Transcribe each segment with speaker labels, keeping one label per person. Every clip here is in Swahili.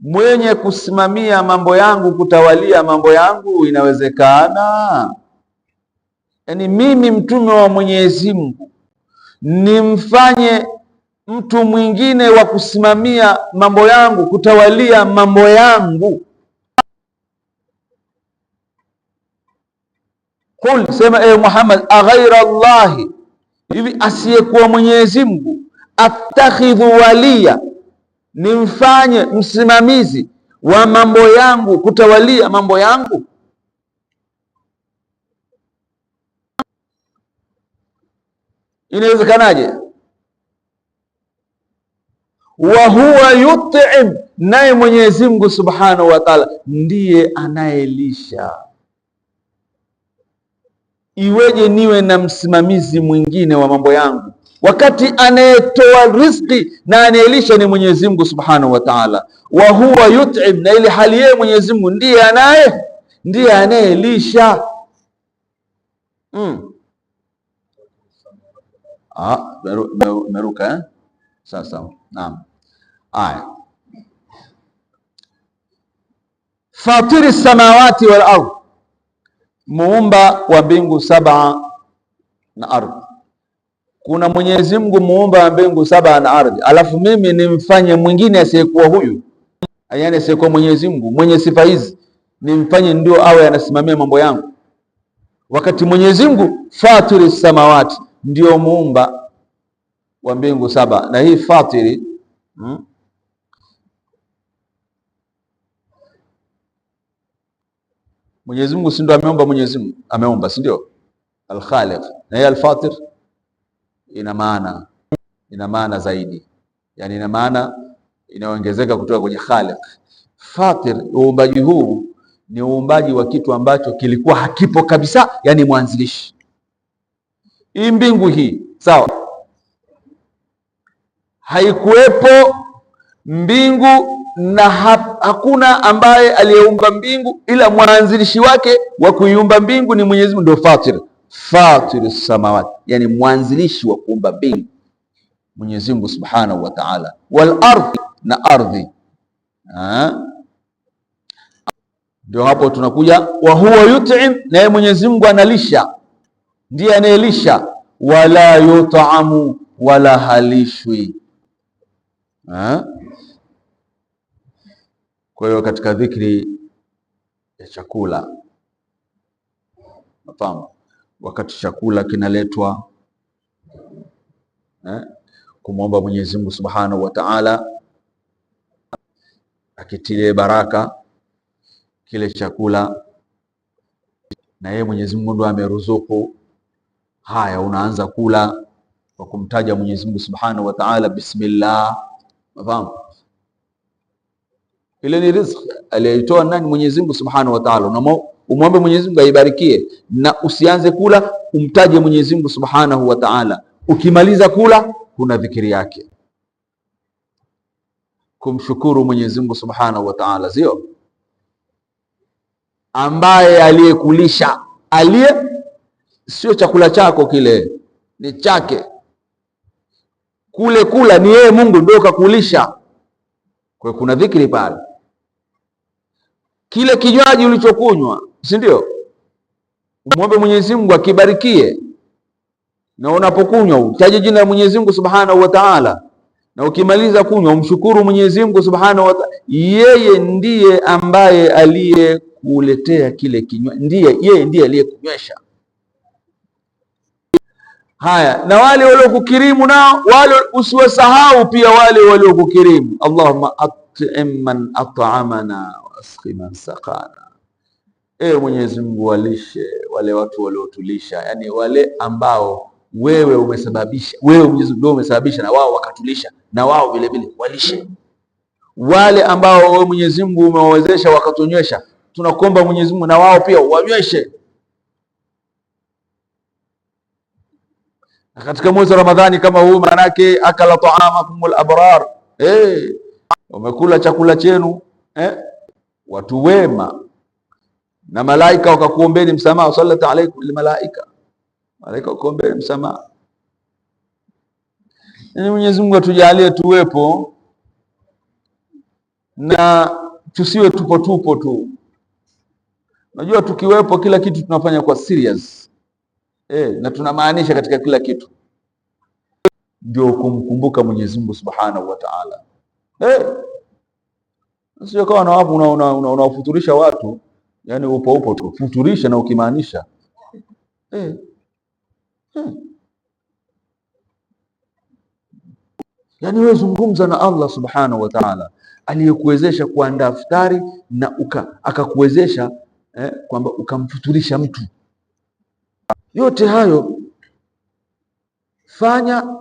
Speaker 1: mwenye kusimamia mambo yangu, kutawalia mambo yangu, inawezekana? Yaani mimi mtume wa Mwenyezi Mungu nimfanye mtu mwingine wa kusimamia mambo yangu, kutawalia mambo yangu? Kul, sema ewe Muhammad, aghaira llahi, hivi asiyekuwa Mwenyezi Mungu, attakhidhu waliya nimfanye msimamizi wa mambo yangu, kutawalia mambo yangu? Inawezekanaje? wa huwa yutim, naye Mwenyezi Mungu Subhanahu wa Ta'ala ndiye anayelisha. Iweje niwe na msimamizi mwingine wa mambo yangu? wakati anayetoa riziki na anayelisha ni Mwenyezi Mungu Subhanahu wa Ta'ala, wa huwa yut'im, na ile hali yeye Mwenyezi Mungu ndiye anaye ndiye anayelisha. Mm. Ah, meruka eh? Sawa sawa, naam. Aya, fatiri samawati wal ardh, muumba wa mbingu saba na ardhi kuna Mwenyezi Mungu muumba wa mbingu saba na ardhi, alafu mimi nimfanye mwingine asiyekuwa huyu, yani asiyekuwa Mwenyezi Mungu mwenye sifa hizi, nimfanye ndio awe anasimamia mambo yangu, wakati Mwenyezi Mungu fatiri samawati ndio muumba wa mbingu saba. Na hii fatiri hmm? Mwenyezi Mungu si ndio ameumba, Mwenyezi Mungu ameumba, si ndio? Al-Khaliq na yeye al-Fatir ina maana ina maana zaidi, yani ina maana inaongezeka kutoka kwenye khaliq. Fatir, uumbaji huu ni uumbaji wa kitu ambacho kilikuwa hakipo kabisa, yani mwanzilishi. Hii mbingu hii, sawa, haikuwepo mbingu na ha hakuna ambaye aliyeumba mbingu ila mwanzilishi wake wa kuiumba mbingu ni Mwenyezi Mungu, ndio fatir fatiru samawati, yani mwanzilishi wa kuumba mbingu Mwenyezi Mungu Subhanahu wa Ta'ala, wal ardhi, na ardhi. Ndio hapo tunakuja wa huwa yut'im, naye Mwenyezi Mungu analisha, ndiye anayelisha. Wala yut'amu, wala halishwi. Kwa hiyo katika dhikri ya chakula mapambo wakati chakula kinaletwa eh, kumwomba Mwenyezi Mungu Subhanahu wa Ta'ala akitilie baraka kile chakula, na yeye Mwenyezi Mungu ndo ameruzuku haya. Unaanza kula kwa kumtaja Mwenyezi Mungu Subhanahu wa Ta'ala, bismillah. Mafahamu ile ni riziki aliyoitoa nani? Mwenyezi Mungu Subhanahu wa Ta'ala umwombe Mwenyezi Mungu aibarikie, na usianze kula, umtaje Mwenyezi Mungu Subhanahu wa Ta'ala. Ukimaliza kula, kuna dhikiri yake, kumshukuru Mwenyezi Mungu Subhanahu wa Ta'ala, sio ambaye aliyekulisha, aliye sio chakula chako kile, ni chake kule. Kula ni yeye Mungu ndio kakulisha, kwa kuna dhikri pale kile kinywaji ulichokunywa, si ndio? Umwombe Mwenyezi Mungu akibarikie, na unapokunywa utaje jina la Mwenyezi Mungu Subhanahu wa Ta'ala, na ukimaliza kunywa umshukuru Mwenyezi Mungu Subhanahu wa Ta'ala. Yeye ndiye ambaye aliyekuletea kile kinywaji, ndiye yeye ndiye aliyekunywesha. Haya, na wale waliokukirimu nao wale usiwasahau pia wale waliokukirimu. Allahumma at'im man at'amana wasqina sakana, e Mwenyezi Mungu walishe wale watu waliotulisha, yani wale ambao wewe umesababisha, wewe Mwenyezi Mungu umesababisha na wao wakatulisha, na wao vile vile walishe wale ambao wewe Mwenyezi Mungu umewawezesha wakatunywesha, tunakuomba Mwenyezi Mungu na wao pia wanyweshe. Na katika mwezi wa Ramadhani kama huu, yake akala taamakumul abrar, eh, umekula chakula chenu eh watu wema, na malaika wakakuombeni msamaha, wasallat alaikum lilmalaika, malaika wakakuombeni msamaha. Yaani Mwenyezi Mungu atujalie tuwepo na tusiwe tupo tupo tu. Unajua, tukiwepo kila kitu tunafanya kwa serious eh, na tunamaanisha katika kila kitu, ndio kumkumbuka Mwenyezi Mungu Subhanahu wa Ta'ala eh. Sio kama na wapo unawafuturisha una, una, una watu yani upo upo tu futurisha na ukimaanisha eh. Hmm. Yaani wewe zungumza na Allah subhanahu wa ta'ala aliyekuwezesha kuandaa futari na akakuwezesha eh, kwamba ukamfuturisha mtu. Yote hayo fanya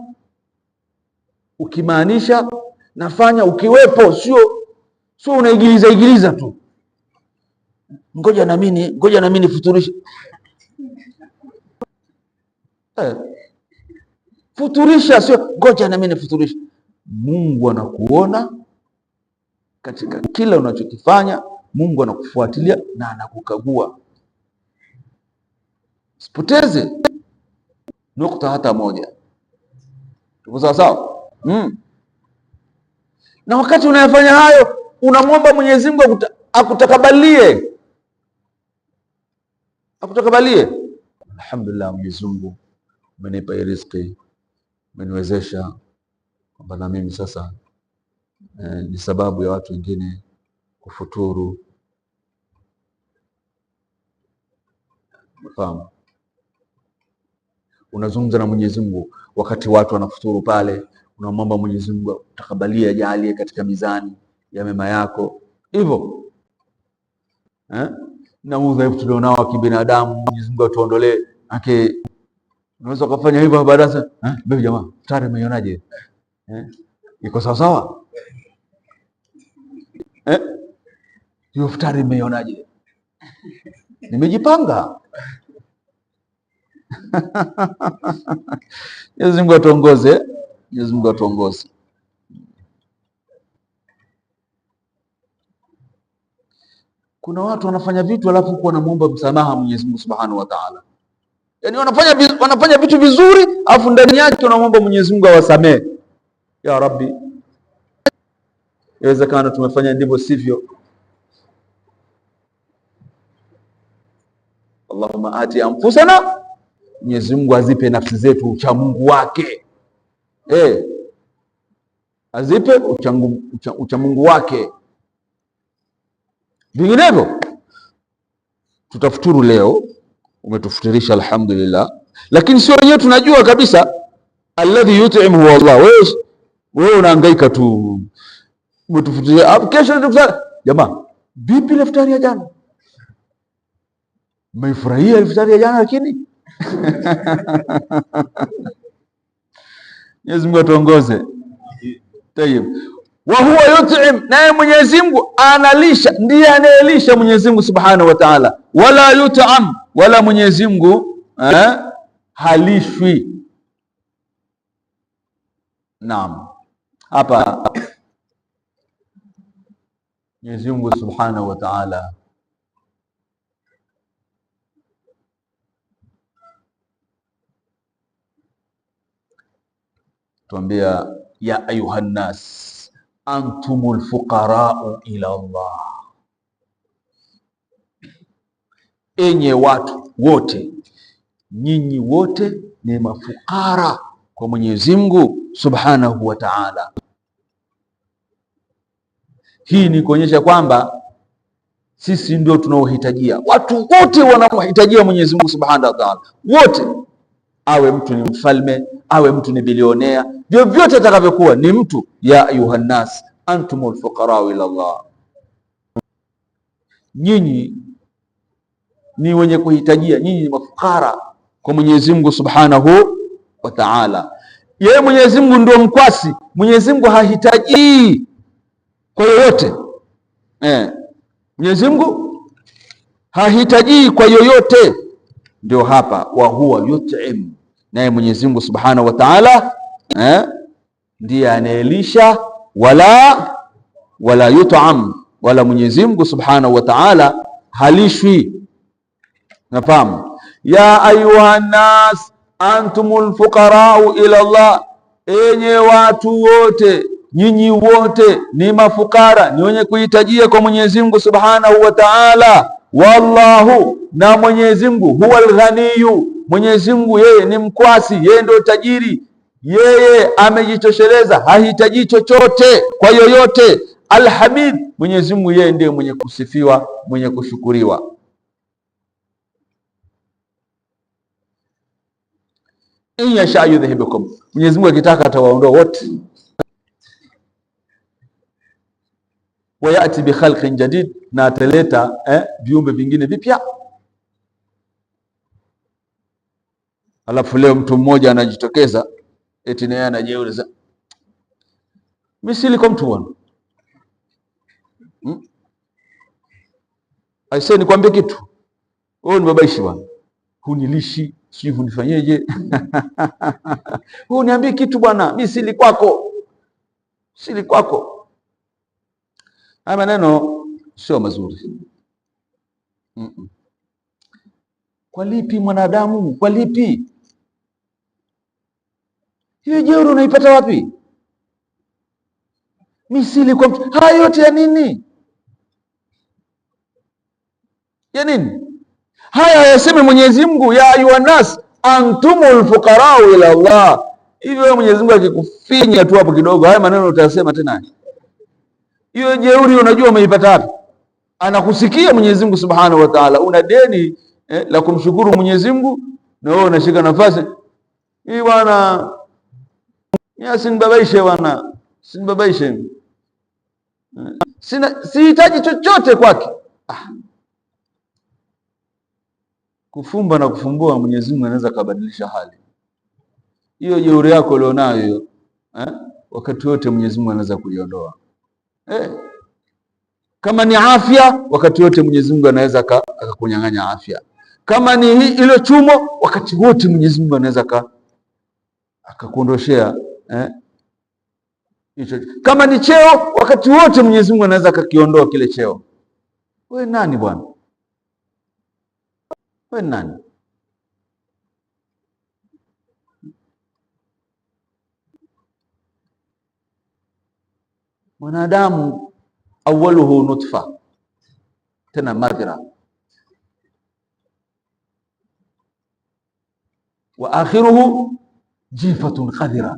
Speaker 1: ukimaanisha na fanya ukiwepo, sio sio unaigiliza igiliza tu, ngoja na mimi ngoja na mimi nifuturishe. Eh. futurisha sio ngoja na mimi nifuturishe. Mungu anakuona katika kila unachokifanya. Mungu anakufuatilia na anakukagua. Sipoteze nukta hata moja. Tuko sawa sawa? Mm. Na wakati unayofanya hayo unamwomba Mwenyezi Mungu akutakabalie, akutakabalie. Alhamdulillah, Mwenyezi Mungu umenipa hii riziki, umeniwezesha kwamba na mimi sasa eh, ni sababu ya watu wengine kufuturu. Fahamu, unazungumza na Mwenyezi Mungu wakati watu wanafuturu pale, unamwomba Mwenyezi Mungu utakabalie, ajalie katika mizani ya mema yako hivyo eh? na udhaifu tulionao wa kibinadamu Mwenyezi Mungu atuondolee ake. Unaweza kufanya hivyo baada ya eh, bibi jamaa tare umeionaje? Eh, iko sawa sawa eh, hiyo futari umeionaje? Nimejipanga. Mwenyezi Mungu atuongoze, Mwenyezi Mungu atuongoze. Kuna watu wanafanya vitu alafu huku wanamuomba msamaha Mwenyezi Mungu Subhanahu wa Ta'ala. Yaani wanafanya wanafanya vitu vizuri alafu ndani yake wanamuomba Mwenyezi Mungu awasamee. Ya Rabbi. Inawezekana tumefanya ndivyo sivyo. Allahumma ati anfusana, Mwenyezi Mungu azipe nafsi zetu uchamungu wake eh, azipe uchamungu, uchamungu wake Vinginevyo tutafuturu leo, umetufutirisha alhamdulillah, lakini sio wenyewe tunajua kabisa. Alladhi yutimu Allah, wewe wewe unahangaika tu, umetufutiria kesho. Jamaa, vipi ile iftari ya jana? Mmefurahia iftari ya jana? Lakini Mwenyezi Mungu atuongoze. Tayeb wa huwa yut'im, naye Mwenyezi Mungu analisha, ndiye anayelisha Mwenyezi Mungu Subhanahu wa Ta'ala. Wala yut'am, wala Mwenyezi Mungu eh, halishwi. Naam, hapa Mwenyezi Mungu Subhanahu wa Ta'ala tuambia ya ayuhannas antumul fuqarau ila Allah, enye watu wote, nyinyi wote ni mafukara kwa Mwenyezi Mungu Subhanahu wa Ta'ala. Hii ni kuonyesha kwamba sisi ndio tunaohitajia, watu wote wanaohitajia Mwenyezi Mungu Subhanahu wa Ta'ala, wote awe mtu ni mfalme, awe mtu ni bilionea, vyovyote atakavyokuwa ni mtu. Ya ayuhannas antumul fuqarau ila Allah, nyinyi ni wenye kuhitajia, nyinyi ni mafukara kwa Mwenyezi Mungu Subhanahu wa Ta'ala. Yeye Mwenyezi Mungu ndio mkwasi, Mwenyezi Mungu hahitaji kwa yoyote eh. Mwenyezi Mungu hahitaji kwa yoyote, ndio hapa wa huwa yut'im naye Mwenyezi Mungu Subhanahu wa Ta'ala eh, ndiye anaelisha wala wala yutam, wala Mwenyezi Mungu Subhanahu wa Ta'ala halishwi. Nafahamu, ya ayuha nas antumul fuqarau ila Allah, enye watu wote nyinyi wote ni mafukara, ni wenye kuhitajia kwa Mwenyezi Mungu Subhanahu wa Ta'ala. Wallahu, na Mwenyezi Mungu huwa alghaniyu Mwenyezi Mungu yeye ni mkwasi, yeye ndio tajiri, yeye amejitosheleza, hahitaji chochote kwa yoyote. Alhamid, Mwenyezi Mungu yeye ndiye mwenye kusifiwa, mwenye kushukuriwa. in yasha yudhhibukum, Mwenyezi Mungu akitaka atawaondoa wote, wayati bi khalqin jadid, na ataleta eh, viumbe vingine vipya Alafu leo mtu mmoja anajitokeza eti naye anajeuliza, mi si mtu bwana hmm? Aisee, nikwambie kitu, wewe ni babaishi bwana, hunilishi sijui hunifanyeje huu niambie kitu bwana, mi sili kwako, sili kwako. Haya maneno sio mazuri mm -mm. Kwa lipi mwanadamu, kwa lipi hiyo jeuri unaipata wapi? Misili kwa mtu. Haya yote ya nini? Ya nini? Haya yaseme Mwenyezi Mungu, ya ayuha antumul fuqarau ila Allah. Hivyo wewe Mwenyezi Mungu akikufinya tu hapo kidogo, haya maneno utayasema tena? Hiyo jeuri unajua umeipata wapi? Anakusikia Mwenyezi Mungu Subhanahu wa Ta'ala, una deni eh, la kumshukuru Mwenyezi Mungu na wewe unashika nafasi hii bwana Sinibabaishe bwana, sinibabaishe. Sina, sihitaji chochote kwake. Ah. Kufumba na kufumbua, Mwenyezi Mungu anaweza akabadilisha hali hiyo. Jeuri yako ulionayo hiyo eh, wakati wote Mwenyezi Mungu anaweza kuiondoa eh. Kama ni afya, wakati wote Mwenyezi Mungu anaweza akakunyang'anya afya. Kama ni hii ile chumo, wakati wote Mwenyezi Mungu anaweza akakuondoshea eh? Kama ni cheo, wakati wote Mwenyezi Mungu anaweza akakiondoa kile cheo. We nani bwana? We nani? Mwanadamu awaluhu nutfa, tena madhira, wa akhiruhu jifatun khadhira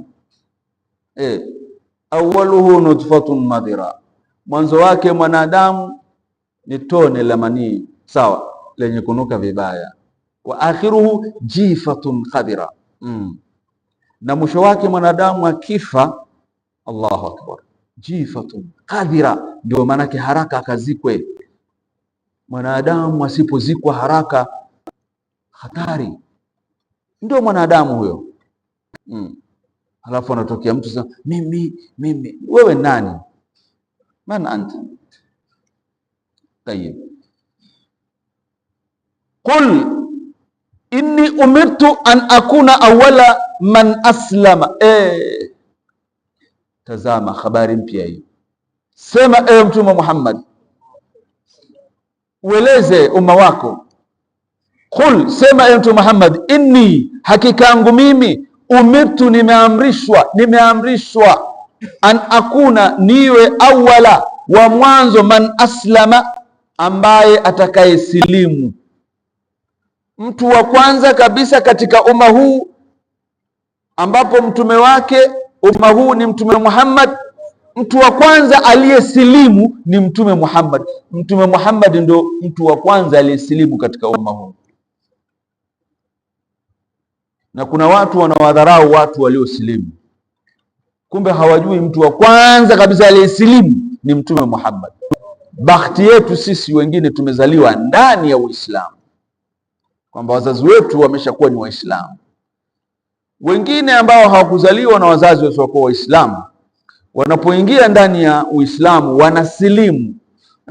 Speaker 1: eh, awwaluhu nutfatun madira, mwanzo wake mwanadamu ni tone la manii sawa, lenye kunuka vibaya. Wa akhiruhu jifatun khadira mm. na mwisho wake mwanadamu akifa, Allahu akbar, jifatun khadira. Ndio maanake haraka akazikwe mwanadamu, asipozikwa haraka hatari, ndio mwanadamu huyo mm. Alafu anatokea mtu sasa, mimi mimi, wewe nani? man anta tayib, qul inni umirtu an akuna awala man aslama. E, tazama habari mpya hii. Sema ewe Mtume Muhammad, ueleze umma wako, qul, sema ewe Mtume Muhammad, inni, hakika yangu mimi umirtu, nimeamrishwa, nimeamrishwa an akuna, niwe awala wa mwanzo, man aslama, ambaye atakayesilimu, mtu wa kwanza kabisa katika umma huu, ambapo mtume wake umma huu ni mtume Muhammad. Mtu wa kwanza aliyesilimu ni mtume Muhammad. Mtume Muhammad ndo mtu wa kwanza aliyesilimu katika umma huu na kuna watu wanawadharau watu waliosilimu, kumbe hawajui mtu wa kwanza kabisa aliyesilimu ni Mtume Muhammad. Bahati yetu sisi wengine tumezaliwa ndani ya Uislamu, kwamba wazazi wetu wameshakuwa ni Waislamu. Wengine ambao hawakuzaliwa na wazazi wasiokuwa Waislamu wanapoingia ndani ya Uislamu wanasilimu.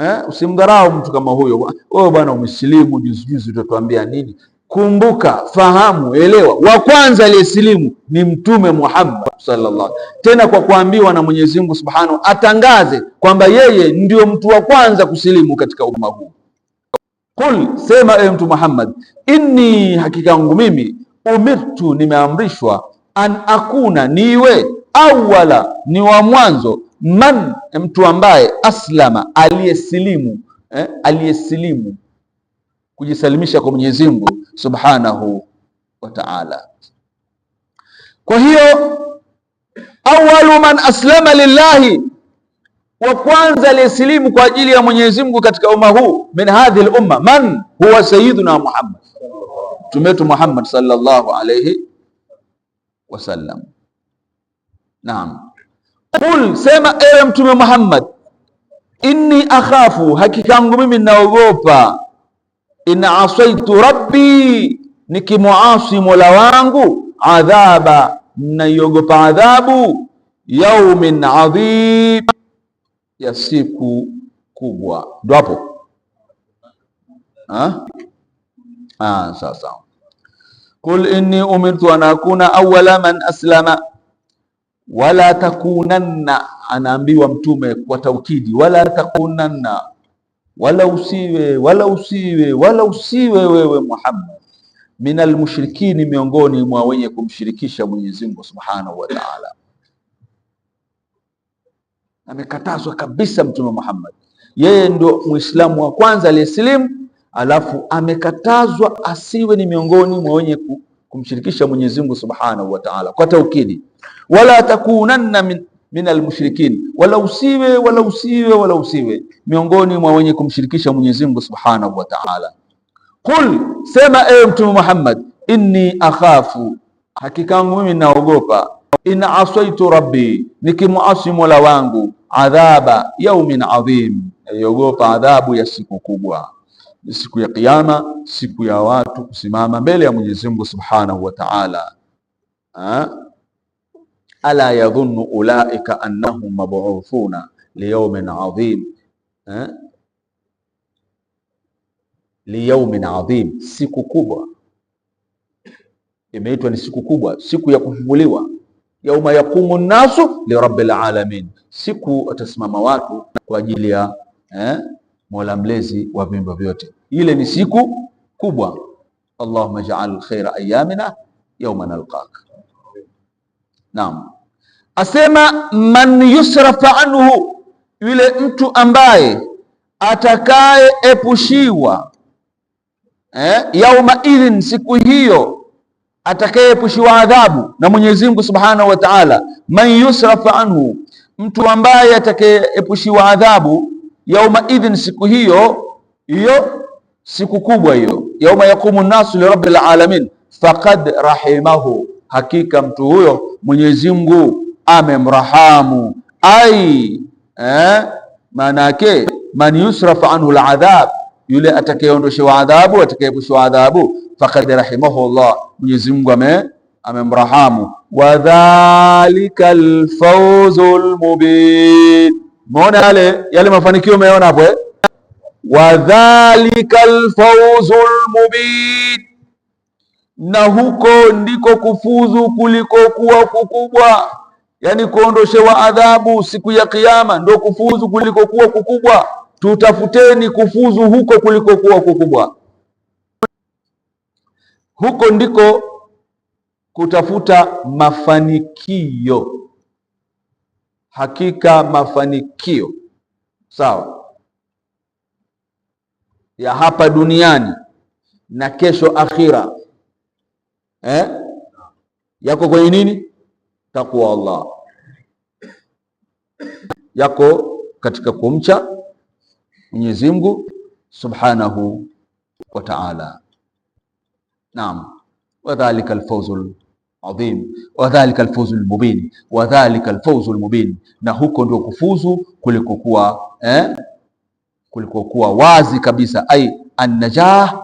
Speaker 1: Eh, usimdharau mtu kama huyo. Wewe bwana umesilimu juzi juzi, utatuambia nini? Kumbuka, fahamu, elewa, wa kwanza aliyesilimu ni Mtume Muhammad sallallahu tena kwa kuambiwa na Mwenyezi Mungu Subhanahu atangaze kwamba yeye ndio mtu wa kwanza kusilimu katika umma huu. Kul, sema e Mtu Muhammad, inni, hakika yangu mimi, umirtu, nimeamrishwa, an akuna, niwe awala, ni wa mwanzo, man, mtu ambaye aslama, aliyesilimu eh, aliyesilimu, kujisalimisha kwa Mwenyezi Mungu subhanahu wa ta'ala. Kwa hiyo awalu man aslama lillahi, wa kwanza aliyesilimu kwa ajili ya Mwenyezi Mungu katika umma huu, min hadhihi al-umma, man huwa sayyiduna Muhammad, mtume wetu Muhammad sallallahu alayhi wasallam. Naam, qul, sema ewe Mtume Muhammad, inni akhafu, hakika yangu mimi naogopa in asaitu rabbi, nikimuasi mola wangu, adhaba, naiogopa adhabu yaumin adhim, ya siku kubwa. Ndo hapo ah? ah, sasa. Qul inni umirtu an akuna awwala man aslama wala takunanna, anaambiwa Mtume kwa taukidi, wala takunanna wala usiwe wala usiwe wala usiwe wewe Muhammad minal mushrikini, miongoni mwa wenye kumshirikisha Mwenyezi Mungu Subhanahu wa Ta'ala. Amekatazwa kabisa Mtume Muhammad, yeye ndio Muislamu wa kwanza aliyesilimu, alafu amekatazwa asiwe ni miongoni mwa wenye kumshirikisha Mwenyezi Mungu Subhanahu wa Ta'ala kwa taukidi, wala takunanna min min almushrikin, wala usiwe wala usiwe wala usiwe miongoni mwa wenye kumshirikisha Mwenyezi Mungu Subhanahu wa Ta'ala. Qul, sema ewe Mtume Muhammad, inni akhafu, hakika yangu mimi naogopa, in asaitu rabbi, nikimuasi mola wangu, adhaba yaumin adhim, naiogopa adhabu ya siku kubwa, siku ya Kiyama, siku ya watu kusimama mbele ya Mwenyezi Mungu Subhanahu wa Ta'ala. Ah? ala yadhunnu ulaika annahum mabu'uthuna liyawmin adhim eh? adhim, siku kubwa imeitwa ni siku kubwa, siku ya kufunguliwa Yauma yaqumu nnasu lirabbil alamin, siku atasimama watu kwa ajili ya eh, Mola mlezi wa viumbe vyote. Ile ni siku kubwa. Allahumma ja'al khaira ayamina yawma nalqak. Naam asema man yusrafa anhu, yule mtu ambaye atakayeepushiwa eh, yauma idhin, siku hiyo atakayeepushiwa adhabu na Mwenyezi Mungu Subhanahu wa Ta'ala. Man yusrafa anhu, mtu ambaye atakayeepushiwa adhabu yauma idhin, siku hiyo hiyo, siku kubwa hiyo, yauma yaqumu li rabbil alamin, faqad rahimahu, hakika mtu huyo Mwenyezi Mungu amemrahamu ai eh, maana yake man yusraf anhu aladhab, yule atakayeondoshewa adhabu, atakayepushwa adhabu, faqad rahimahu Allah, Mwenyezi Mungu ame amemrahamu. Wadhalika alfawzul mubin, umeona yale yale mafanikio umeona hapo eh? Wadhalika alfawzul mubin, na huko ndiko kufuzu kuliko kuwa kukubwa yani kuondoshewa adhabu siku ya Kiyama ndo kufuzu kulikokuwa kukubwa. Tutafuteni kufuzu huko kulikokuwa kukubwa, huko ndiko kutafuta mafanikio. Hakika mafanikio sawa ya hapa duniani na kesho akhira, eh? yako kwenye nini takwa Allah yako katika kumcha Mwenyezi Mungu subhanahu wa ta'ala. Naam, wadhalika alfawzul adhim, wadhalika alfawzul mubin, wadhalika alfawzul mubin, na huko ndio kufuzu kulikokuwa eh, kulikokuwa wazi kabisa, ai annajah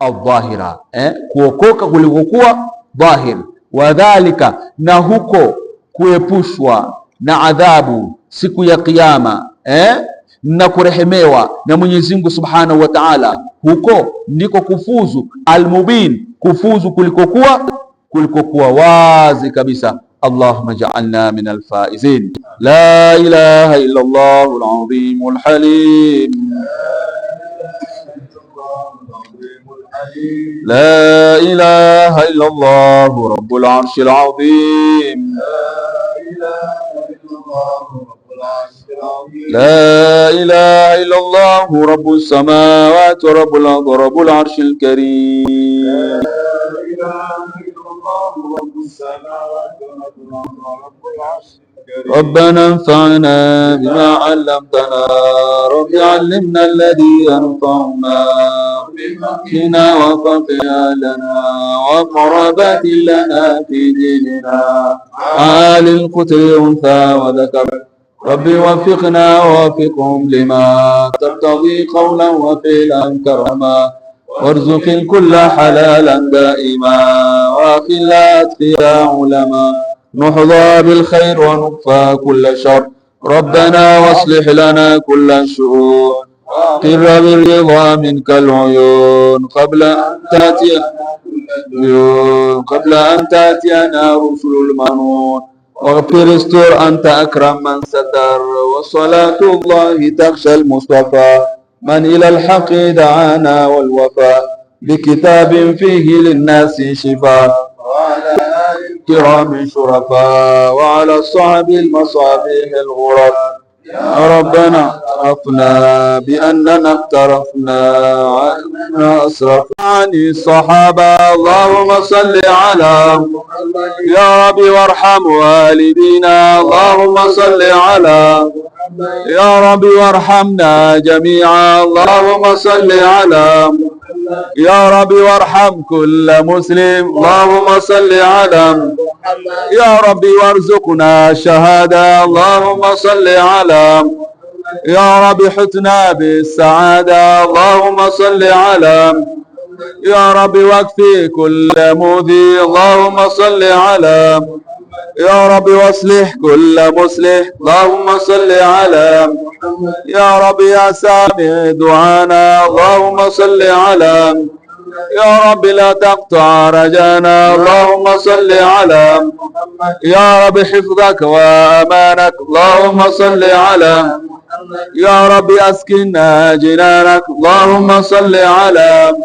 Speaker 1: adh-dhahira eh, kuokoka kulikokuwa dhahir wadhalika, na huko kuepushwa na adhabu siku ya Kiyama eh? na kurehemewa na Mwenyezi Mungu Subhanahu wa Ta'ala, huko ndiko kufuzu almubin, kufuzu kulikokuwa kulikokuwa wazi kabisa. Allahumma ja'alna min alfaizin. La ilaha illa Allahul azimul halim لا إله إلا الله رب العرش العظيم لا إله إلا الله رب السماوات رب الأرض رب العرش الكريم لا إله إلا الله رب
Speaker 2: السماوات الأرض العرش الكريم ربنا انفعنا بما علمتنا رب علمنا الذي ينفعنا بحقنا وفقنا لنا وقربات لنا في ديننا عال القتل انثى وذكر رب وفقنا ووفقهم لما ترتضي قولا وفعلا كرما وارزق الكل حلالا دائما واخلا اتقيا علما نحظى بالخير ونكفى كل شر ربنا واصلح لنا كل الشؤون قر بالرضا منك العيون قبل أن تأتي قبل أن تأتينا رسل المنون واغفر استر أنت أكرم من ستر وصلاة الله تخشى المصطفى من إلى الحق دعانا والوفاء بكتاب فيه للناس شفاء الكرام شرفاء وعلى الصحب المصابيح الغرب يا ربنا عرفنا بأننا اقترفنا أسرف عن الصحابة اللهم صل على محمد يا رب وارحم والدينا اللهم صل على محمد يا رب وارحمنا جميعا اللهم صل على محمد يا رب وارحم كل مسلم اللهم صل على محمد يا رب وارزقنا شهادة اللهم صل على يا رب حتنا بالسعادة اللهم صل على محمد يا رب واكفي كل مذي اللهم صل على يا رب واصلح كل مصلح اللهم صل على يا رب يا سامع دعانا اللهم صل على يا رب لا تقطع رجانا اللهم صل على يا رب حفظك وامانك اللهم صل على يا رب اسكننا جنانك اللهم صل على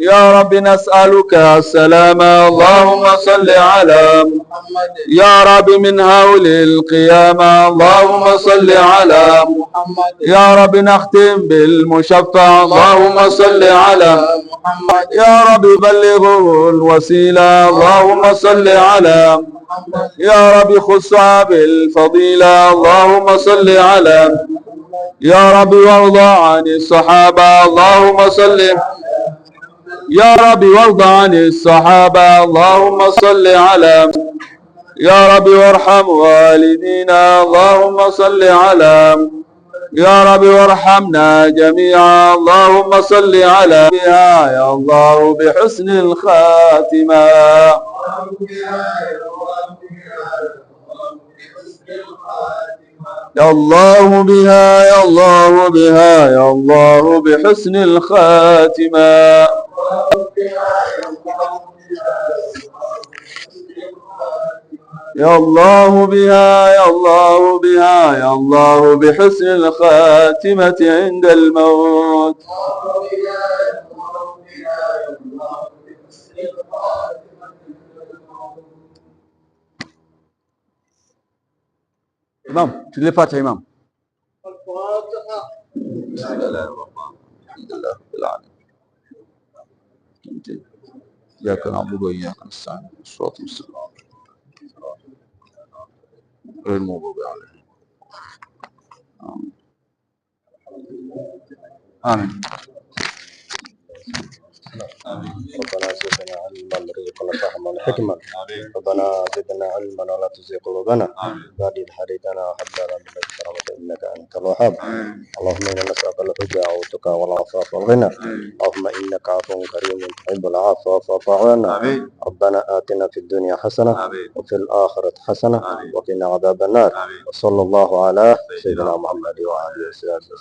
Speaker 2: يا رب نسألك السلام اللهم صل على محمد يا رب من هول القيامة اللهم صل على محمد يا رب نختم بالمشفع اللهم صل على محمد يا رب بلغه الوسيلة اللهم صل على محمد يا رب خصها بالفضيلة اللهم صل على يا رب وارضى عن الصحابة اللهم صل على يا رب وارض عن الصحابة اللهم صل على يا رب وارحم والدينا اللهم صل على يا رب وارحمنا جميعا اللهم صل على بها يا الله بحسن الخاتمة يا رب اللهم صل يا الله بحسن الخاتمة يا الله بها يا الله بها يا الله بحسن الخاتمة يا الله بها يا الله بها يا الله بحسن الخاتمة عند الموت
Speaker 1: تمام شنو الفاتحه يا امام الفاتحه بسم الله الرحمن الحمد لله رب العالمين اياك نعبد واياك نستعين الصراط المستقيم غير المغضوب عليهم امين
Speaker 2: ربنا زدنا علما رزقنا فهما والحكمة ربنا زدنا علما ولا تزغ قلوبنا بعد إذ هديتنا وهب لنا من لدنك رحمة إنك أنت الوهاب اللهم إنا نسألك الهدى والتقى والعفاف والغنى اللهم إنك عفو كريم تحب العفو فاعف عنا ربنا آتنا في الدنيا حسنة وفي الآخرة حسنة وقنا عذاب النار وصلى الله على سيدنا محمد وعلى آله وصحبه